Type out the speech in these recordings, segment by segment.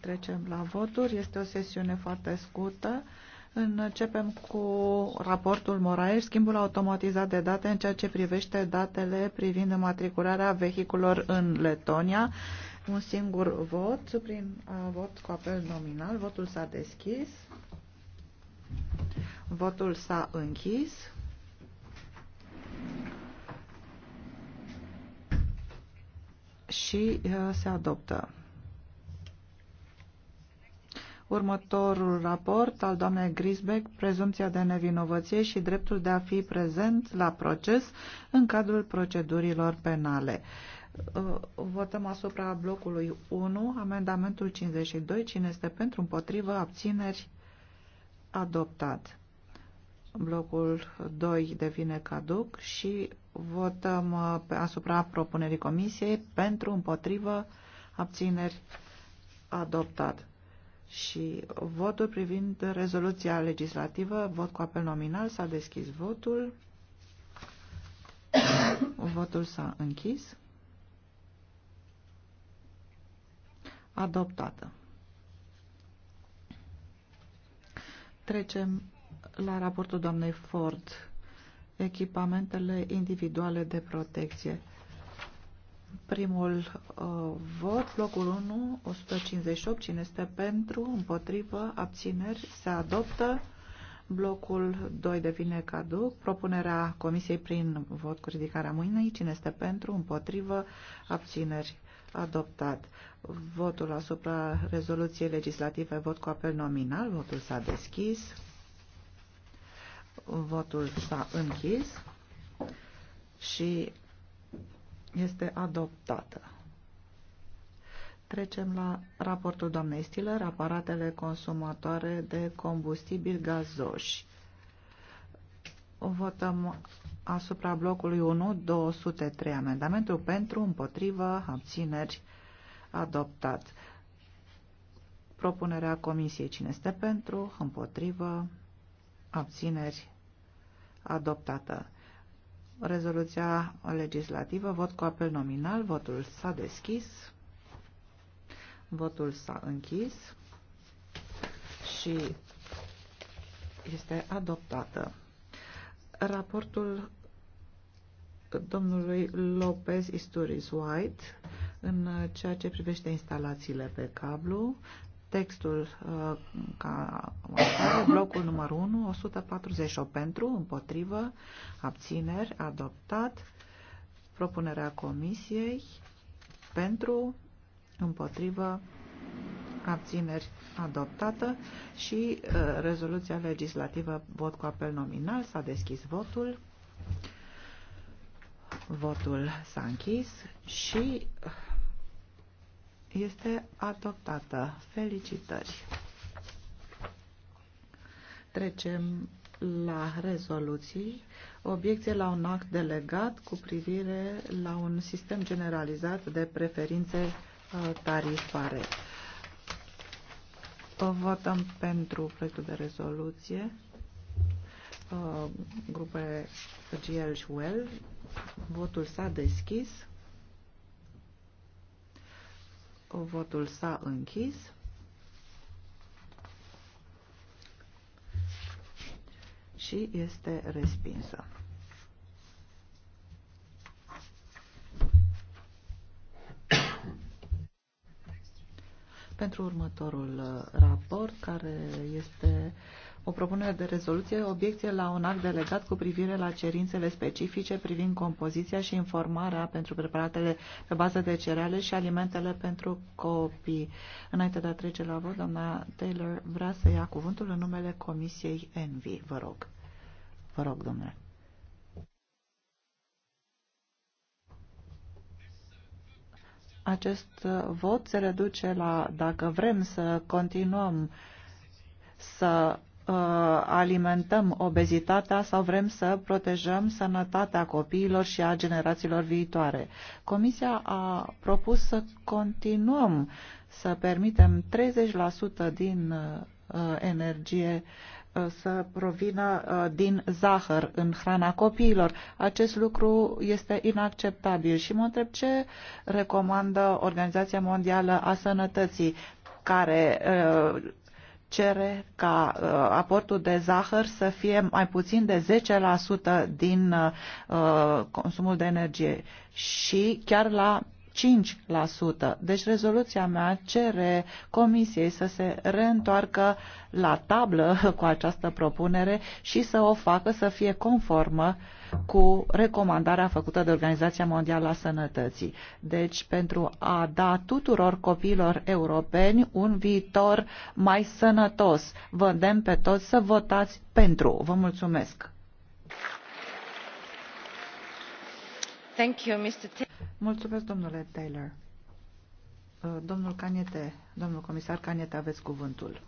Trecem la voturi. Este o sesiune foarte scurtă. Începem cu raportul Moraes, schimbul automatizat de date în ceea ce privește datele privind matricularea vehiculor în Letonia. Un singur vot prin vot cu apel nominal. Votul s-a deschis. Votul s-a închis. Și se adoptă. Următorul raport al doamnei Grisbeck, prezumția de nevinovăție și dreptul de a fi prezent la proces în cadrul procedurilor penale. Uh, votăm asupra blocului 1, amendamentul 52, cine este pentru, împotrivă, abțineri, adoptat. Blocul 2 devine caduc și votăm uh, asupra propunerii comisiei pentru, împotrivă, abțineri, adoptat și votul privind rezoluția legislativă, vot cu apel nominal, s-a deschis votul. Votul s-a închis. Adoptată. Trecem la raportul doamnei Ford. Echipamentele individuale de protecție. Primul uh, vot, blocul 1, 158, cine este pentru, împotrivă, abțineri, se adoptă. Blocul 2 devine caduc. Propunerea comisiei prin vot cu ridicarea mâinii, cine este pentru, împotrivă, abțineri, adoptat. Votul asupra rezoluției legislative, vot cu apel nominal, votul s-a deschis. Votul s-a închis și este adoptată. Trecem la raportul doamnei Stiller, aparatele consumatoare de combustibil gazoși. Votăm asupra blocului 1, 203 amendamentul pentru, împotrivă, abțineri, adoptat. Propunerea comisiei cine este pentru, împotrivă, abțineri, adoptată rezoluția legislativă, vot cu apel nominal, votul s-a deschis, votul s-a închis și este adoptată. Raportul domnului Lopez Isturiz White în ceea ce privește instalațiile pe cablu, textul uh, ca blocul numărul 1, 148 pentru, împotrivă, abțineri, adoptat, propunerea comisiei pentru, împotrivă, abțineri, adoptată și uh, rezoluția legislativă, vot cu apel nominal, s-a deschis votul. Votul s-a închis și este adoptată. Felicitări! Trecem la rezoluții. Obiecție la un act delegat cu privire la un sistem generalizat de preferințe uh, tarifare. Votăm pentru proiectul de rezoluție uh, grupe GL și WELL. Votul s-a deschis. Votul s-a închis. Și este respinsă. Pentru următorul uh, raport, care este uh, o propunere de rezoluție, obiecție la un act delegat cu privire la cerințele specifice privind compoziția și informarea pentru preparatele pe bază de cereale și alimentele pentru copii. Înainte de a trece la vot, doamna Taylor vrea să ia cuvântul în numele Comisiei Envi. Vă rog. Vă rog, domnule. Acest vot se reduce la dacă vrem să continuăm să Uh, alimentăm obezitatea sau vrem să protejăm sănătatea copiilor și a generațiilor viitoare. Comisia a propus să continuăm să permitem 30% din uh, energie uh, să provină din zahăr în hrana copiilor. Acest lucru este inacceptabil și mă întreb ce recomandă Organizația Mondială a Sănătății care cere ca uh, aportul de zahăr să fie mai puțin de 10% din uh, uh, consumul de energie și chiar la 5%. Deci rezoluția mea cere Comisiei să se reîntoarcă la tablă cu această propunere și să o facă să fie conformă cu recomandarea făcută de Organizația Mondială a Sănătății. Deci pentru a da tuturor copiilor europeni un viitor mai sănătos. Vă îndemn pe toți să votați pentru. Vă mulțumesc! Thank you, Mr. Mulțumesc, domnule Taylor. Uh, domnul Caniete, domnul comisar Caniete, aveți cuvântul.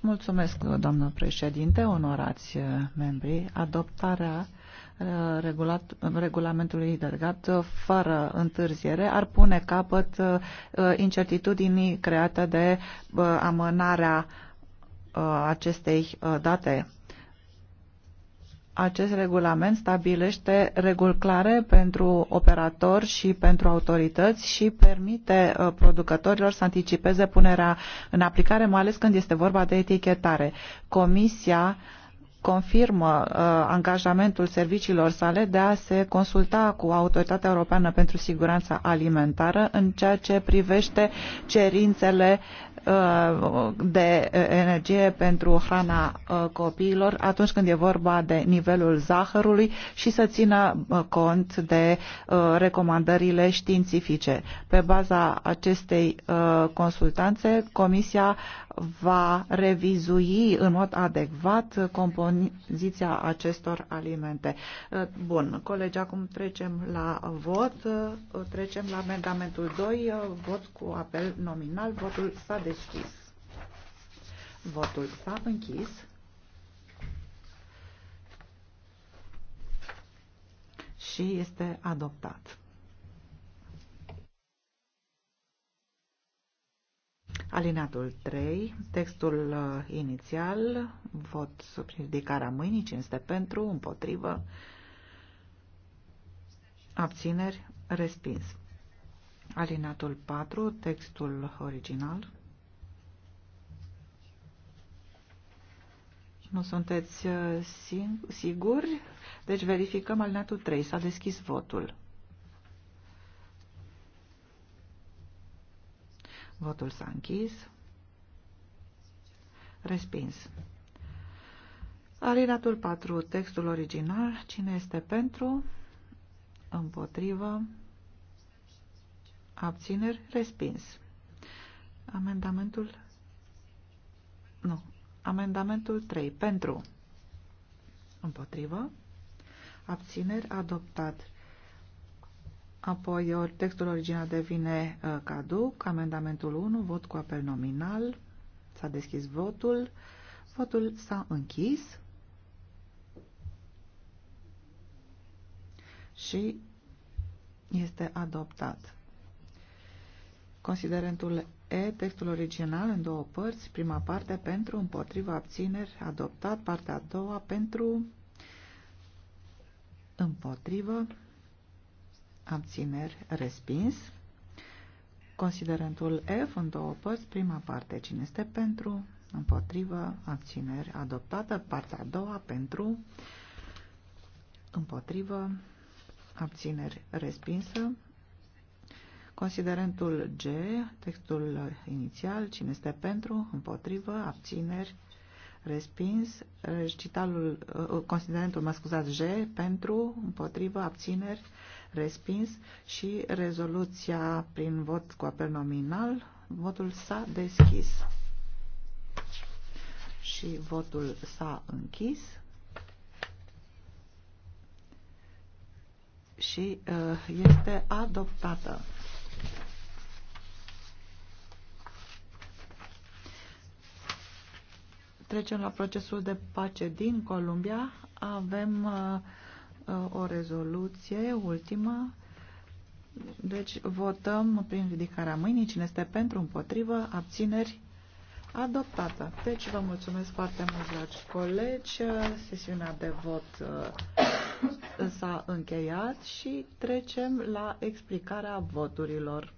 Mulțumesc, uh, doamnă președinte, onorați uh, membri. Adoptarea regulat, regulamentului delegat fără întârziere ar pune capăt incertitudinii create de amânarea acestei date acest regulament stabilește reguli clare pentru operatori și pentru autorități și permite uh, producătorilor să anticipeze punerea în aplicare, mai ales când este vorba de etichetare. Comisia confirmă uh, angajamentul serviciilor sale de a se consulta cu Autoritatea Europeană pentru Siguranța Alimentară în ceea ce privește cerințele de uh, energie pentru hrana uh, copiilor atunci când e vorba de nivelul zahărului și să țină uh, cont de recomandările științifice. Pe baza acestei consultanțe, Comisia va revizui în mod adecvat compoziția acestor alimente. Uh, bun, colegi, acum trecem la vot. Uh, trecem la amendamentul 2, uh, vot cu apel nominal. Votul s-a deschis. Votul s-a închis. Și este adoptat. Alinatul 3, textul uh, inițial, vot sub ridicarea mâinii, cinste pentru, împotrivă, abțineri, respins. Alinatul 4, textul original. Nu sunteți uh, siguri? Deci verificăm alinatul 3. S-a deschis votul. Votul s-a închis. Respins. Alinatul 4, textul original. Cine este pentru? Împotrivă. Abțineri. Respins. Amendamentul... Nu. Amendamentul 3. Pentru. Împotrivă. Abțineri. Adoptat. Apoi, textul original devine uh, caduc. Amendamentul 1, vot cu apel nominal. S-a deschis votul. Votul s-a închis. Și este adoptat. Considerentul E, textul original în două părți, prima parte pentru, împotriva, abțineri, adoptat, partea a doua pentru, împotrivă, abțineri, respins. Considerentul F în două părți, prima parte, cine este pentru, împotrivă, abțineri, adoptată, partea a doua, pentru, împotrivă, abțineri, respinsă. Considerentul G, textul inițial, cine este pentru, împotrivă, abțineri, Respins recitalul, uh, considerentul, mă scuzați, G pentru, împotrivă, abțineri, respins și rezoluția prin vot cu apel nominal, votul s-a deschis și votul s-a închis și uh, este adoptată. trecem la procesul de pace din Columbia. Avem uh, uh, o rezoluție ultimă. Deci votăm prin ridicarea mâinii cine este pentru, împotrivă, abțineri, adoptată. Deci vă mulțumesc foarte mult, dragi colegi. Sesiunea de vot uh, s-a încheiat și trecem la explicarea voturilor.